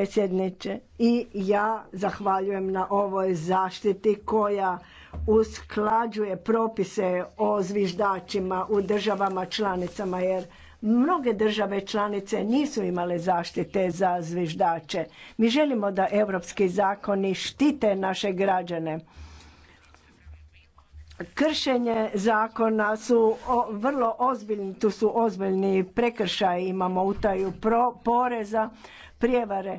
predsjedniče. I ja zahvaljujem na ovoj zaštiti koja usklađuje propise o zviždačima u državama članicama jer mnoge države članice nisu imale zaštite za zviždače. Mi želimo da evropski zakoni štite naše građane. Kršenje zakona su vrlo ozbiljni, tu su ozbiljni prekršaji, imamo utaju poreza, prijevare.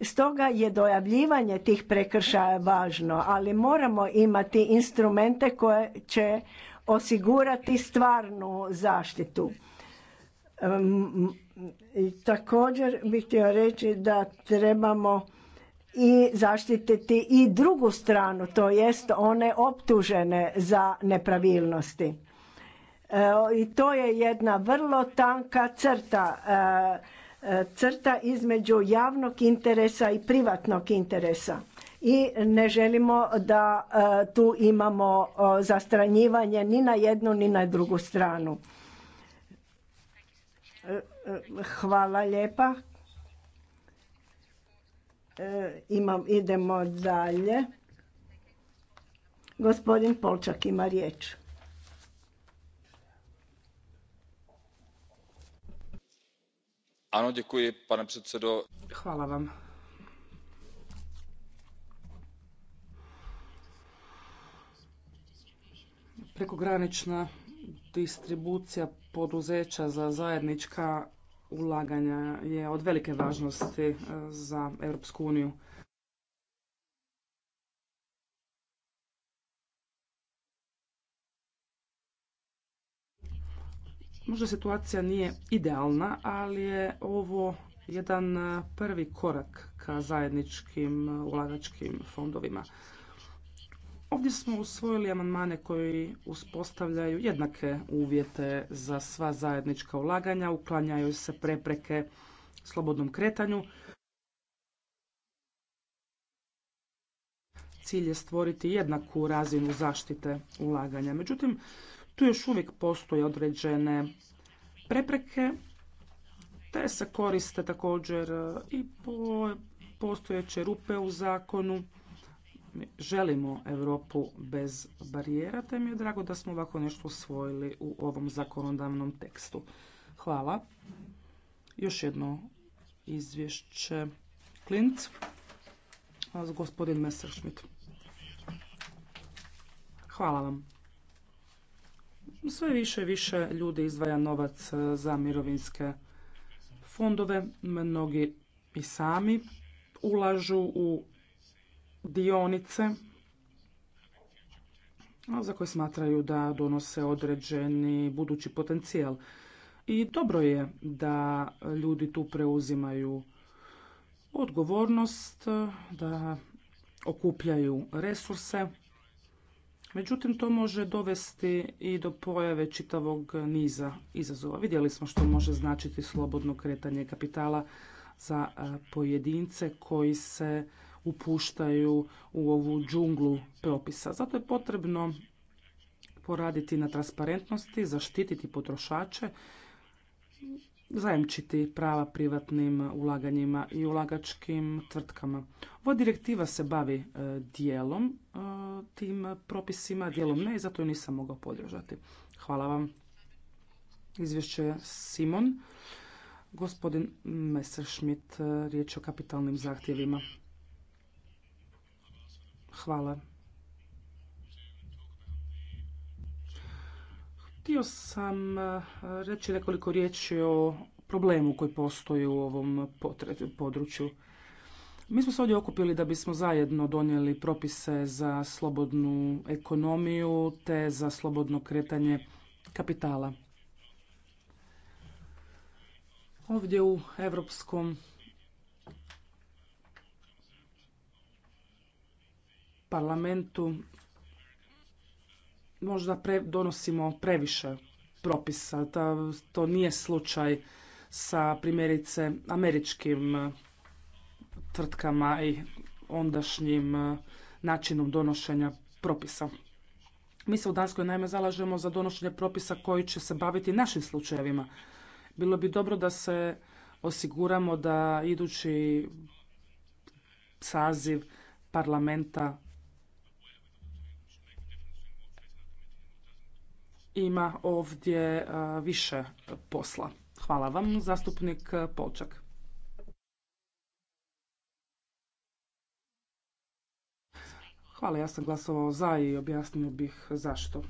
Stoga je dojavljivanje tih prekršaja važno, ali moramo imati instrumente koje će osigurati stvarnu zaštitu. Također bih htio reći da trebamo i zaštititi i drugu stranu, to jest one optužene za nepravilnosti. E, I to je jedna vrlo tanka crta e, crta između javnog interesa i privatnog interesa i ne želimo da e, tu imamo zastranjivanje ni na jednu ni na drugu stranu. E, e, hvala lijepa. Imam, idemo dalje. Gospodin Polčak ima riječ. pane hvala vam. prekogranična distribucija poduzeća za zajednička ulaganja je od velike važnosti eh, za europsku uniju. Možda situacija nije idealna, ali je ovo jedan e, prvi korak ka zajedničkim e, ulagačkim fondovima. Ovdje smo usvojili amandmane koji uspostavljaju jednake uvjete za sva zajednička ulaganja, uklanjaju se prepreke slobodnom kretanju. Cilj je stvoriti jednaku razinu zaštite ulaganja. Međutim, tu još uvijek postoje određene prepreke, te se koriste također e, i po postojeće rupe u zakonu. želimo Europu bez barijera, te mi je drago da smo ovako nešto usvojili u ovom zakonodavnom tekstu. Hvala. Još jedno izvješće. Klint, gospodin Messerschmidt. Hvala vam. Sve više i više ljudi izdvaja novac e, za mirovinske fondove. Mnogi i sami ulažu u dionice za koje smatraju da donose određeni budući potencijal. I dobro je da ljudi tu preuzimaju odgovornost, da okupljaju resurse Međutim, to može dovesti i do pojave čitavog niza izazova. Vidjeli smo što može značiti slobodno kretanje kapitala za e, pojedince koji se upuštaju u ovu džunglu propisa. Zato je potrebno poraditi na transparentnosti, zaštititi potrošače zajemčiti prava privatnim ulaganjima i ulagačkim tvrtkama. Ova direktiva se bavi e, dijelom e, tim propisima, dijelom ne i zato ju nisam mogao podržati. Hvala vam. Izvješće Simon. Gospodin Messerschmidt, e, riječ o kapitalnim zahtjevima. Hvala Htio sam e, reći nekoliko riječi o problemu koji postoji u ovom području. Mi smo se ovdje okupili da bismo zajedno donijeli propise za slobodnu ekonomiju te za slobodno kretanje kapitala. Ovdje u Evropskom parlamentu možda pre, donosimo previše propisa. to nije slučaj sa primjerice američkim e, tvrtkama i ondašnjim e, načinom donošenja propisa. Mi se u Danskoj najme zalažemo za donošenje propisa koji će se baviti našim slučajevima. Bilo bi dobro da se osiguramo da idući saziv parlamenta ima ovdje e, više posla. Hvala vam, zastupnik Polčak. Hvala, ja sam glasovao za i objasnio bih zašto.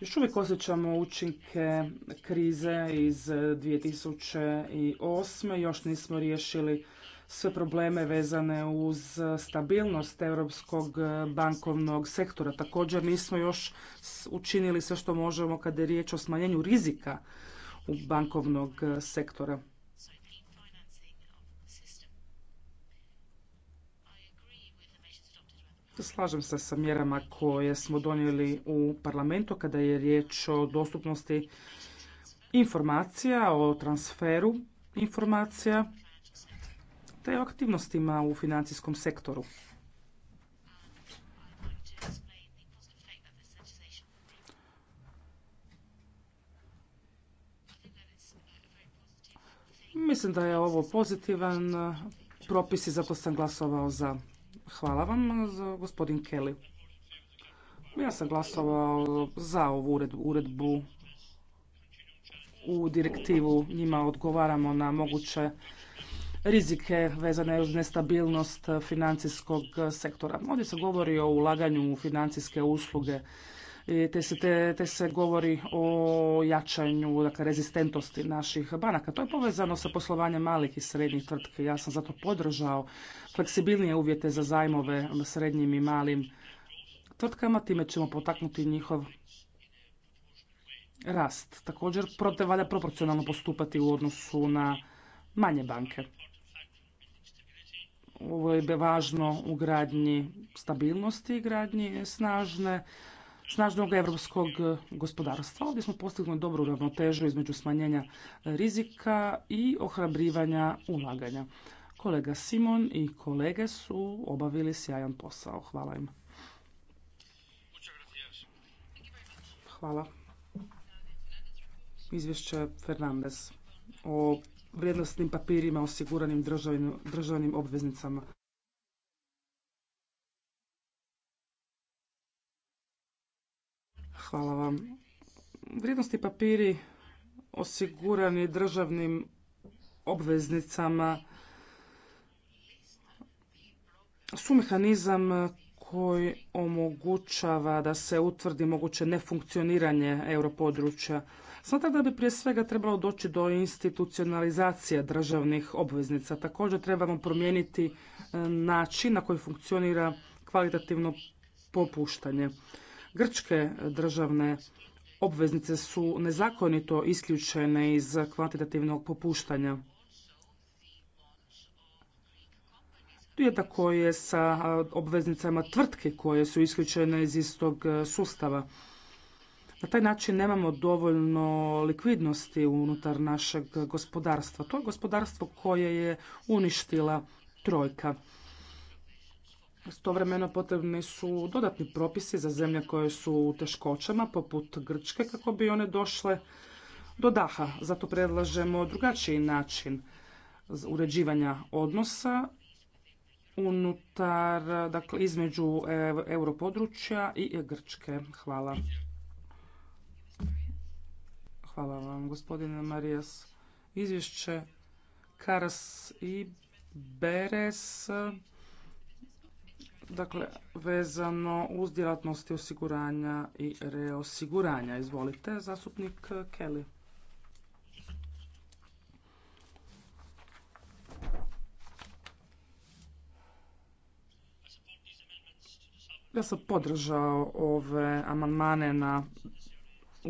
Još uvijek osjećamo učinke krize iz 2008. Još nismo riješili sve probleme vezane uz stabilnost europskog bankovnog sektora. Također nismo još učinili sve što možemo kada je riječ o smanjenju rizika u bankovnog sektora. Slažem se sa mjerama koje smo donijeli u parlamentu kada je riječ o dostupnosti informacija, o transferu informacija te o aktivnostima u financijskom sektoru. Mislim da je ovo pozitivan propis i zato sam glasovao za. Hvala vam, gospodin Kelly. Ja sam glasovao za ovu uredbu u direktivu. Njima odgovaramo na moguće rizike vezane uz nestabilnost financijskog sektora. Ovdje se govori o ulaganju u financijske usluge te se, te, se govori o jačanju dakle, rezistentnosti naših banaka. To je povezano sa poslovanjem malih i srednjih tvrtki. Ja sam zato podržao fleksibilnije uvjete za zajmove srednjim i malim tvrtkama. Time ćemo potaknuti njihov rast. Također, valja proporcionalno postupati u odnosu na manje banke ovo je važno u gradnji stabilnosti i gradnji snažne snažnog europskog gospodarstva. Ovdje smo postigli dobru ravnotežu između smanjenja rizika i ohrabrivanja ulaganja. Kolega Simon i kolege su obavili sjajan posao. Hvala im. Hvala. Izvješće Fernandez o vrijednostnim papirima osiguranim državnim, obveznicama. Hvala vam. Vrijednostni papiri osigurani državnim obveznicama su mehanizam koji omogućava da se utvrdi moguće nefunkcioniranje europodručja. Smatram da bi prije svega trebalo doći do institucionalizacije državnih obveznica. Također trebamo promijeniti e, način na koji funkcionira kvalitativno popuštanje. Grčke državne obveznice su nezakonito isključene iz kvantitativnog popuštanja. tako je sa obveznicama tvrtke koje su isključene iz istog e, sustava. Na taj način nemamo dovoljno likvidnosti unutar našeg gospodarstva. To je gospodarstvo koje je uništila trojka. Stovremeno potrebni su dodatni propisi za zemlje koje su u teškoćama, poput Grčke, kako bi one došle do daha. Zato predlažemo drugačiji način uređivanja odnosa unutar, dakle, između europodručja i Grčke. Hvala. Hvala vam, gospodine Marijas. Izvješće Karas i Beres, dakle, vezano uz djelatnosti osiguranja i reosiguranja. Izvolite, zastupnik Kelly. Ja sam podržao ove amandmane na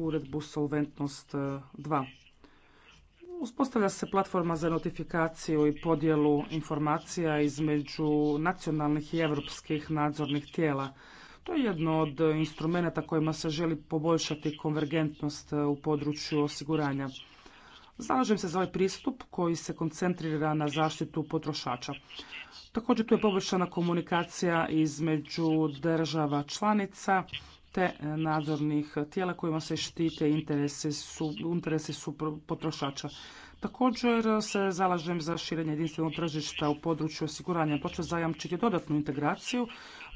uredbu Solventnost 2. E, Uspostavlja se platforma za notifikaciju i podjelu informacija između nacionalnih i europskih nadzornih tijela. To je jedno od instrumenata kojima se želi poboljšati konvergentnost e, u području osiguranja. Zalažem se za ovaj pristup koji se koncentrira na zaštitu potrošača. Također tu je poboljšana komunikacija između država članica te e, nadzornih tijela kojima se štite interese, su, su potrošača. Također se zalažem za širenje jedinstvenog tržišta u području osiguranja. To će zajamčiti dodatnu integraciju.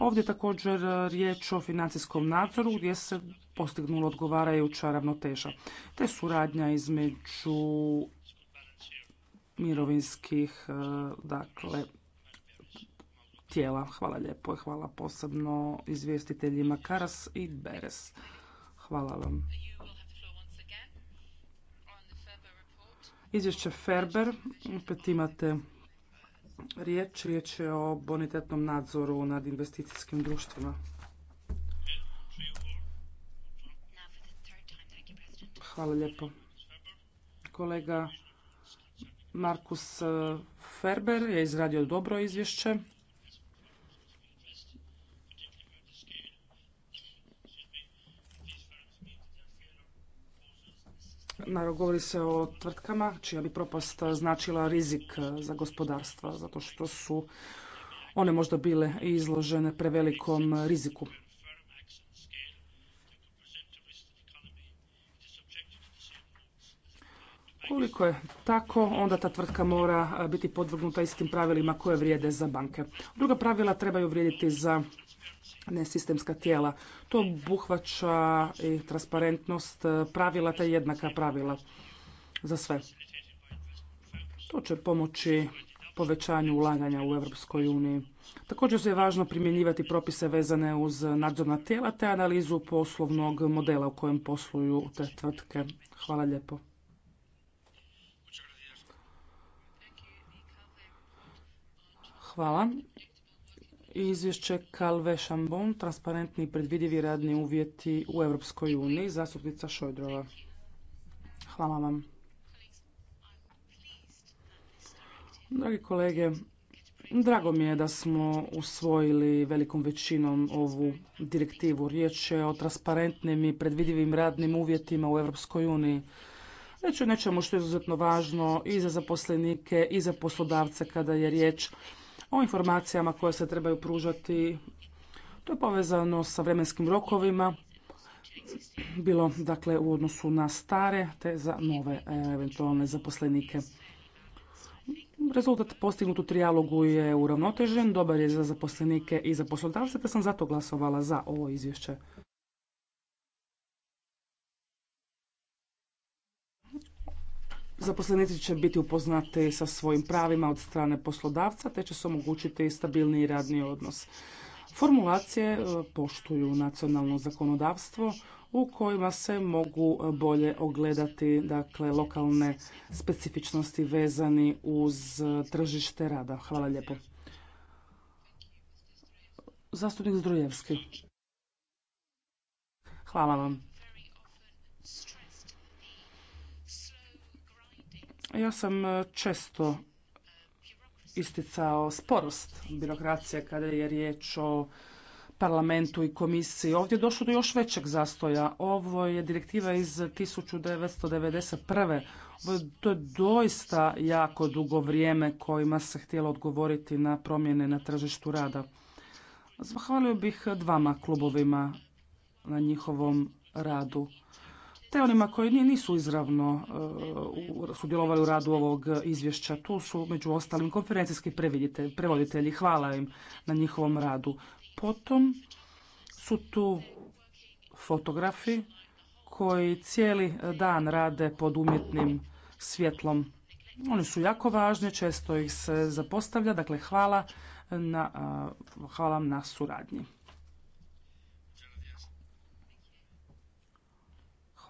Ovdje je također riječ o financijskom nadzoru gdje se postignulo odgovarajuća ravnoteža. Te suradnja između mirovinskih e, dakle, tijela. Hvala lijepo i hvala posebno izvjestiteljima Karas i Beres. Hvala vam. Izvješće Ferber, opet imate riječ, riječ je o bonitetnom nadzoru nad investicijskim društvima. Hvala lijepo. Kolega Markus Ferber je izradio dobro izvješće. Naravno, govori se o tvrtkama čija bi propast značila rizik za gospodarstva, zato što su one možda bile izložene prevelikom riziku. Koliko je tako, onda ta tvrtka mora biti podvrgnuta istim pravilima koje vrijede za banke. Druga pravila trebaju vrijediti za nesistemska tijela. To obuhvaća i transparentnost pravila te jednaka pravila za sve. To će pomoći povećanju ulaganja u Europskoj uniji. Također je važno primjenjivati propise vezane uz nadzorna tijela te analizu poslovnog modela u kojem posluju te tvrtke. Hvala lijepo. Hvala. Izvješće Kalve Šambon, transparentni i predvidivi radni uvjeti u Europskoj uniji, zastupnica Šojdrova. Hvala vam. Dragi kolege, drago mi je da smo usvojili velikom većinom ovu direktivu. Riječ je o transparentnim i predvidivim radnim uvjetima u Europskoj uniji. Riječ o nečemu što je izuzetno važno i za zaposlenike i za poslodavce kada je riječ o informacijama koje se trebaju pružati. To je povezano sa vremenskim rokovima, bilo dakle u odnosu na stare te za nove e, eventualne zaposlenike. Rezultat postignut u trijalogu je uravnotežen, dobar je za zaposlenike i za poslodavce, te sam zato glasovala za ovo izvješće. Zaposlenici će biti upoznati sa svojim pravima od strane poslodavca, te će se omogućiti i stabilniji radni odnos. Formulacije e, poštuju nacionalno zakonodavstvo u kojima se mogu bolje ogledati dakle, lokalne specifičnosti vezani uz e, tržište rada. Hvala lijepo. Zastupnik Zdrojevski. Hvala vam. Ja sam e, često isticao sporost birokracije kada je riječ o parlamentu i komisiji. Ovdje je došlo do još većeg zastoja. Ovo je direktiva iz 1991. Ovo je, to je doista jako dugo vrijeme kojima se htjelo odgovoriti na promjene na tržištu rada. Zahvalio bih dvama klubovima na njihovom radu te onima koji nisu izravno e, sudjelovali u radu ovog izvješća. Tu su među ostalim konferencijski prevoditelji. Hvala im na njihovom radu. Potom su tu fotografi koji cijeli dan rade pod umjetnim svjetlom. Oni su jako važni, često ih se zapostavlja, dakle hvala na, na suradnji.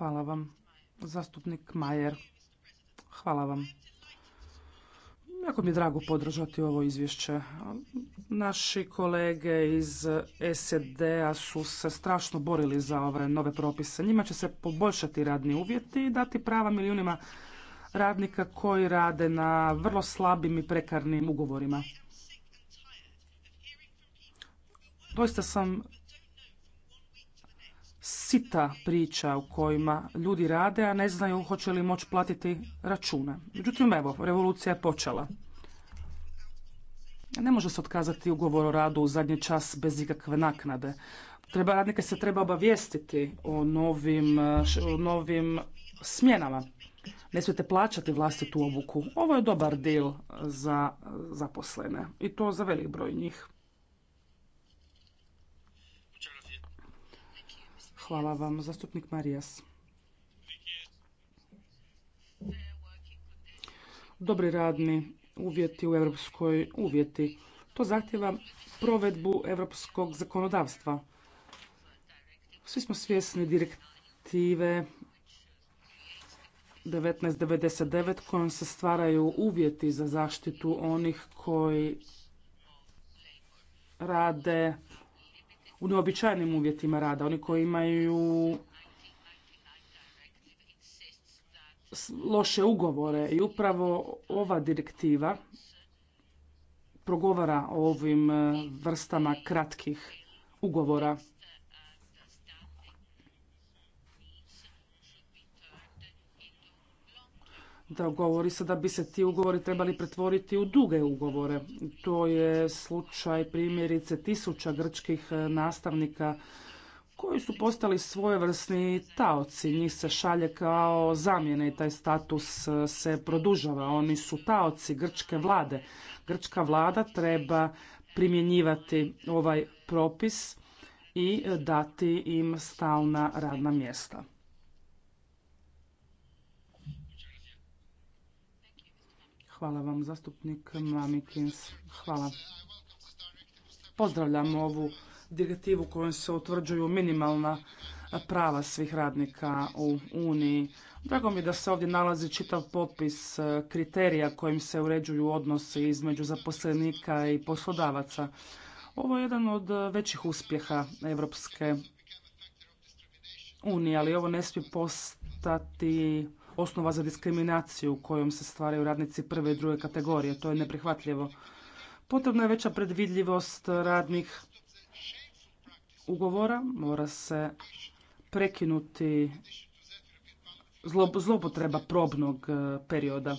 Hvala vam. Zastupnik Majer. Hvala vam. Jako mi je drago podržati ovo izvješće. Naši kolege iz SED-a su se strašno borili za ove nove propise. Njima će se poboljšati radni uvjeti i dati prava milijunima radnika koji rade na vrlo slabim i prekarnim ugovorima. Doista sam sita priča u kojima ljudi rade, a ne znaju hoće li moći platiti račune. Međutim, evo, revolucija je počela. Ne može se otkazati ugovor o radu u zadnji čas bez ikakve naknade. Treba, radnike se treba obavijestiti o novim, o novim smjenama. Ne smijete plaćati vlastitu obuku. Ovo je dobar dil za zaposlene i to za velik broj njih. Hvala vam. Zastupnik Marijas. Dobri radni uvjeti u Europskoj uvjeti. To zahtjeva provedbu europskog zakonodavstva. Svi smo svjesni direktive 1999 kojom se stvaraju uvjeti za zaštitu onih koji rade u neobičajnim uvjetima rada, oni koji imaju loše ugovore i upravo ova direktiva progovara o ovim eh, vrstama kratkih ugovora. Dogovori se da bi se ti ugovori trebali pretvoriti u duge ugovore. To je slučaj primjerice tisuća grčkih eh, nastavnika koji su postali svojevrsni taoci. Njih se šalje kao zamjene i taj status eh, se produžava. Oni su taoci grčke vlade. Grčka vlada treba primjenjivati ovaj propis i eh, dati im stalna radna mjesta. Hvala vam, zastupnik Mamikins. Hvala. Pozdravljam ovu direktivu kojom se utvrđuju minimalna prava svih radnika u Uniji. Drago mi je da se ovdje nalazi čitav popis kriterija kojim se uređuju odnosi između zaposlenika i poslodavaca. Ovo je jedan od većih uspjeha Europske unije, ali ovo ne smije postati osnova za diskriminaciju kojom se stvaraju radnici prve i druge kategorije. To je neprihvatljivo. Potrebna je veća predvidljivost radnih ugovora. Mora se prekinuti zlopotreba probnog e, perioda.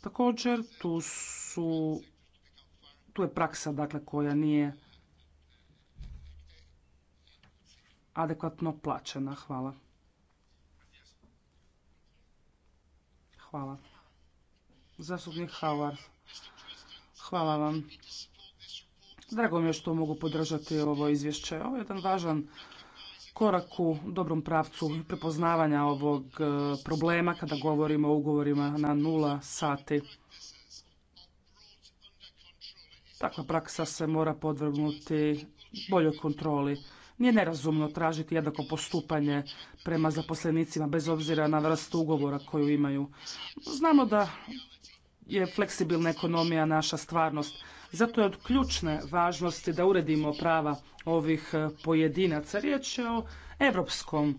Također, tu su tu je praksa dakle koja nije adekvatno plaćena. Hvala. Hvala. Zastupnik Howard. Hvala vam. Drago mi je što mogu podržati ovo izvješće. Ovo je jedan važan korak u dobrom pravcu prepoznavanja ovog e, problema kada govorimo o ugovorima na nula sati. Takva praksa se mora podvrgnuti boljoj kontroli. Nije nerazumno tražiti jednako postupanje prema zaposlenicima bez obzira na vrstu ugovora koju imaju. Znamo da je fleksibilna ekonomija naša stvarnost. Zato je od ključne važnosti da uredimo prava ovih e, pojedinaca. Riječ je o europskom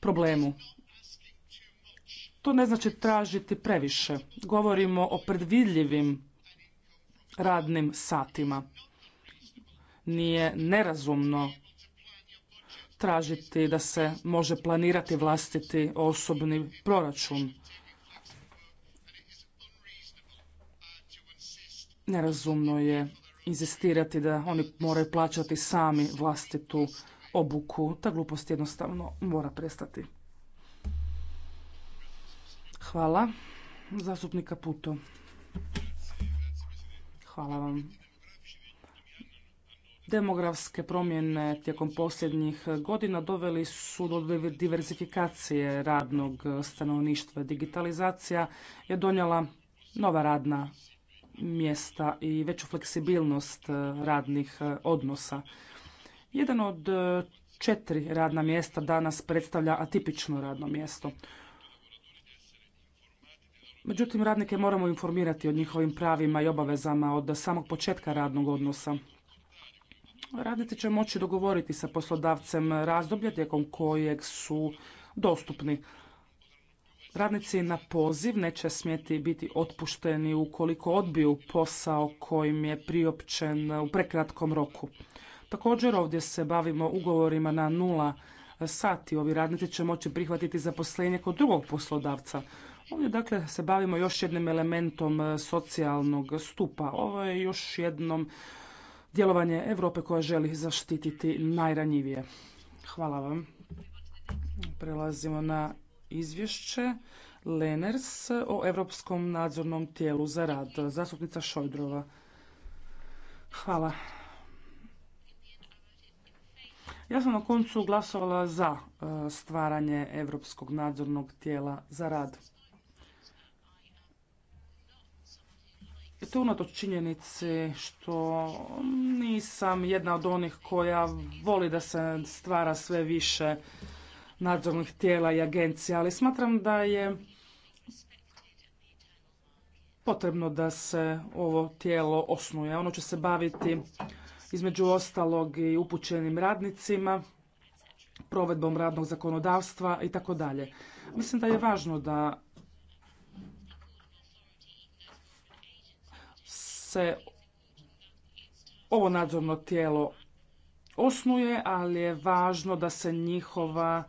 problemu. To ne znači tražiti previše. Govorimo o predvidljivim radnim satima. Nije nerazumno tražiti da se može planirati vlastiti osobni proračun. Nerazumno je inzistirati da oni moraju plaćati sami vlastitu obuku. Ta glupost jednostavno mora prestati. Hvala. Zastupnika Puto. Hvala vam. Demografske promjene tijekom posljednjih godina doveli su do diversifikacije radnog stanovništva. Digitalizacija je donijela nova radna mjesta i veću fleksibilnost radnih odnosa. Jedan od četiri radna mjesta danas predstavlja atipično radno mjesto. Međutim, radnike moramo informirati o njihovim pravima i obavezama od samog početka radnog odnosa. Radnici će moći dogovoriti sa poslodavcem razdoblje tijekom kojeg su dostupni. Radnici na poziv neće smjeti biti otpušteni ukoliko odbiju posao kojim je priopćen u prekratkom roku. Također ovdje se bavimo ugovorima na nula sati. Ovi radnici će moći prihvatiti zaposlenje kod drugog poslodavca. Ovdje dakle se bavimo još jednim elementom socijalnog stupa. Ovo je još jednom djelovanje Europe koja želi zaštititi najranjivije. Hvala vam. Prelazimo na izvješće Leners o Europskom nadzornom tijelu za rad. Zastupnica Šojdrova. Hvala. Ja sam na koncu glasovala za e, stvaranje Europskog nadzornog tijela za rad. I to unatoč činjenici što nisam jedna od onih koja voli da se stvara sve više nadzornih tijela i agencija, ali smatram da je potrebno da se ovo tijelo osnuje. Ono će se baviti između ostalog i upućenim radnicima, provedbom radnog zakonodavstva i tako dalje. Mislim da je važno da se ovo nadzorno tijelo osnuje, ali je važno da se njihova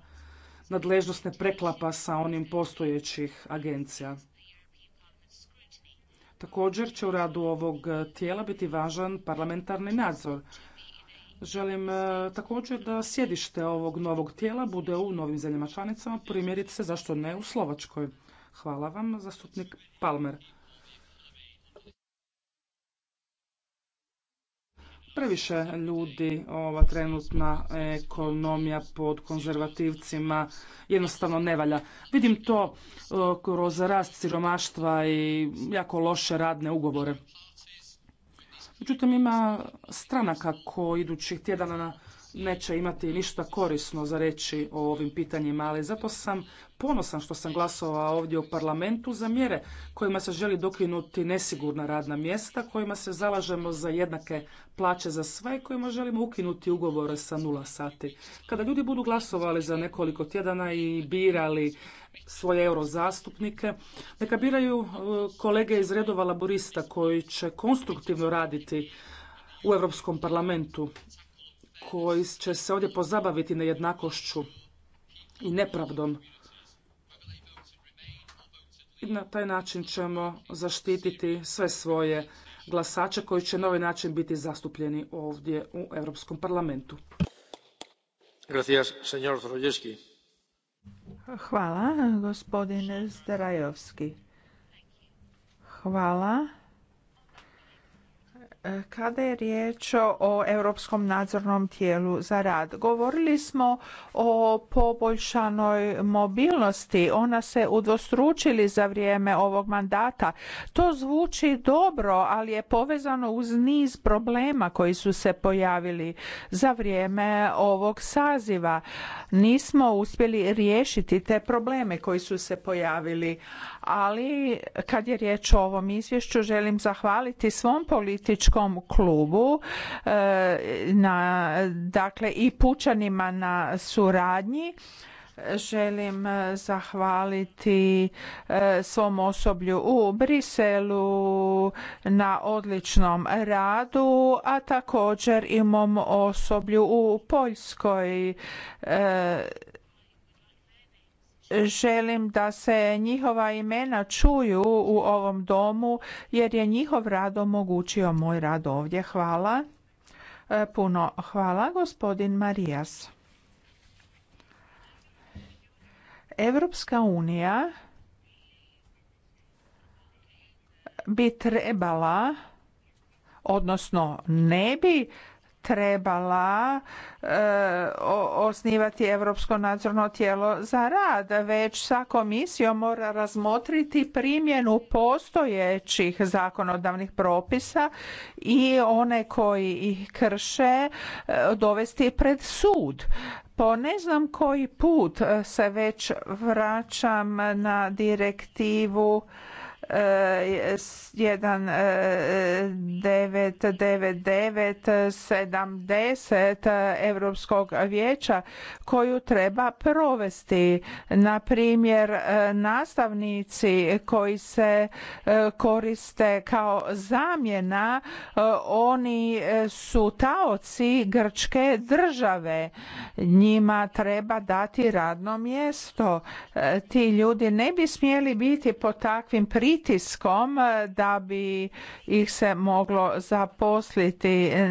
nadležnost ne preklapa sa onim postojećih agencija. Također će u radu ovog tijela biti važan parlamentarni nadzor. Želim e, također da sjedište ovog novog tijela bude u novim zemljama članicama, primjerice zašto ne u Slovačkoj. Hvala vam, zastupnik Palmer. previše ljudi ova trenutna ekonomija pod konzervativcima jednostavno ne valja. Vidim to e, kroz rast siromaštva i jako loše radne ugovore. Međutim, ima stranaka koji idućih tjedana na neće imati ništa korisno za reći o ovim pitanjima, ali zato sam ponosan što sam glasovao ovdje u parlamentu za mjere kojima se želi dokinuti nesigurna radna mjesta, kojima se zalažemo za jednake plaće za sve i kojima želimo ukinuti ugovore sa nula sati. Kada ljudi budu glasovali za nekoliko tjedana i birali svoje eurozastupnike, neka biraju e, kolege iz redova laborista koji će konstruktivno raditi u Europskom parlamentu koji će se ovdje pozabaviti nejednakošću i nepravdom. I na taj način ćemo zaštititi sve svoje glasače koji će na ovaj način biti zastupljeni ovdje u Europskom parlamentu. Hvala, gospodine Zdrajovski. Hvala. Kada je riječ o Europskom nadzornom tijelu za rad, govorili smo o poboljšanoj mobilnosti. Ona se udvostručili za vrijeme ovog mandata. To zvuči dobro, ali je povezano uz niz problema koji su se pojavili za vrijeme ovog saziva. Nismo uspjeli riješiti te probleme koji su se pojavili, ali kad je riječ o ovom izvješću želim zahvaliti svom političkom klubu e, na dakle i pučanima na suradnji želim zahvaliti e, svom osoblju u Briselu na odličnom radu, a također i mom osoblju u Poljskoj e, želim da se njihova imena čuju u ovom domu jer je njihov rad omogućio moj rad ovdje. Hvala. E, puno hvala gospodin Marijas. Europska unija bi trebala odnosno ne bi trebala e, osnivati europsko nadzorno tijelo za rad već sa komisijom mora razmotriti primjenu postojećih zakonodavnih propisa i one koji ih krše e, dovesti pred sud po ne znam koji put se već vraćam na direktivu 1999-70 e, Europskog vijeća koju treba provesti. Na primjer, e, nastavnici koji se e, koriste kao zamjena, oni su taoci grčke države. Njima treba dati radno mjesto. Ti ljudi ne bi smjeli biti po takvim pri pritiskom e, da bi ih se moglo zaposliti e,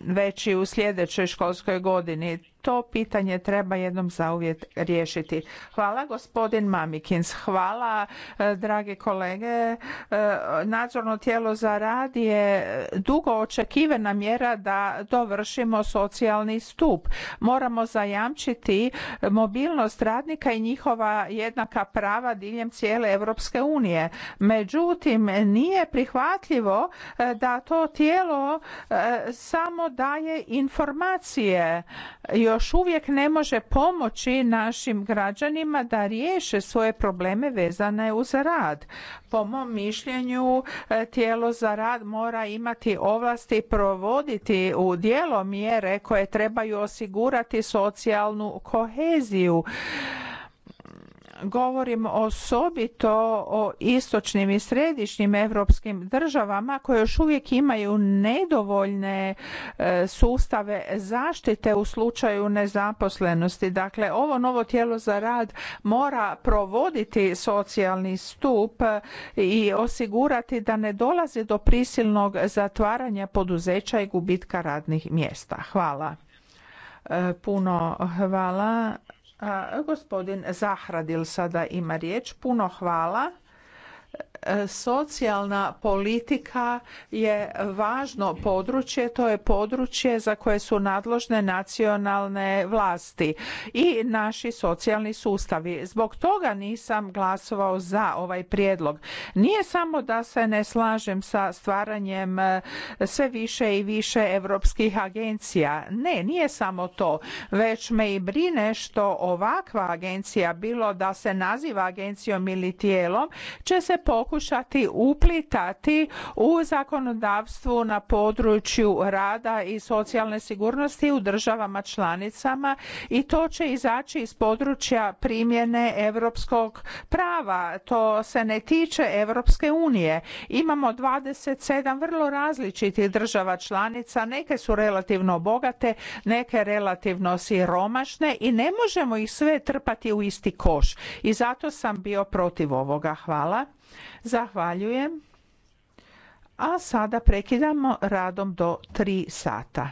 već i u sljedećoj školskoj godini to pitanje treba jednom zauvijek riješiti. Hvala gospodin Mamikins, hvala e, drage kolege. E, nadzorno tijelo za rad je dugo očekivana mjera da dovršimo socijalni stup. Moramo zajamčiti mobilnost radnika i njihova jednaka prava diljem cijele Europske unije. Međutim, nije prihvatljivo e, da to tijelo samo daje informacije još uvijek ne može pomoći našim građanima da riješe svoje probleme vezane uz rad. Po mom mišljenju e, tijelo za rad mora imati ovlasti provoditi u dijelo mjere koje trebaju osigurati socijalnu koheziju govorim osobito o istočnim i središnjim europskim državama koje još uvijek imaju nedovoljne e, sustave zaštite u slučaju nezaposlenosti. Dakle, ovo novo tijelo za rad mora provoditi socijalni stup i osigurati da ne dolazi do prisilnog zatvaranja poduzeća i gubitka radnih mjesta. Hvala. E, puno hvala gospodin Zahradil sada ima riječ. Puno hvala socijalna politika je važno područje, to je područje za koje su nadložne nacionalne vlasti i naši socijalni sustavi. Zbog toga nisam glasovao za ovaj prijedlog. Nije samo da se ne slažem sa stvaranjem e, sve više i više europskih agencija. Ne, nije samo to, već me i brine što ovakva agencija, bilo da se naziva agencijom ili tijelom, će se pokušati uplitati u zakonodavstvu na području rada i socijalne sigurnosti u državama članicama i to će izaći iz područja primjene europskog prava. To se ne tiče Europske unije. Imamo 27 vrlo različitih država članica, neke su relativno bogate, neke relativno siromašne i ne možemo ih sve trpati u isti koš. I zato sam bio protiv ovoga. Hvala. Zahvaljujem. A sada prekidamo radom do 3 sata.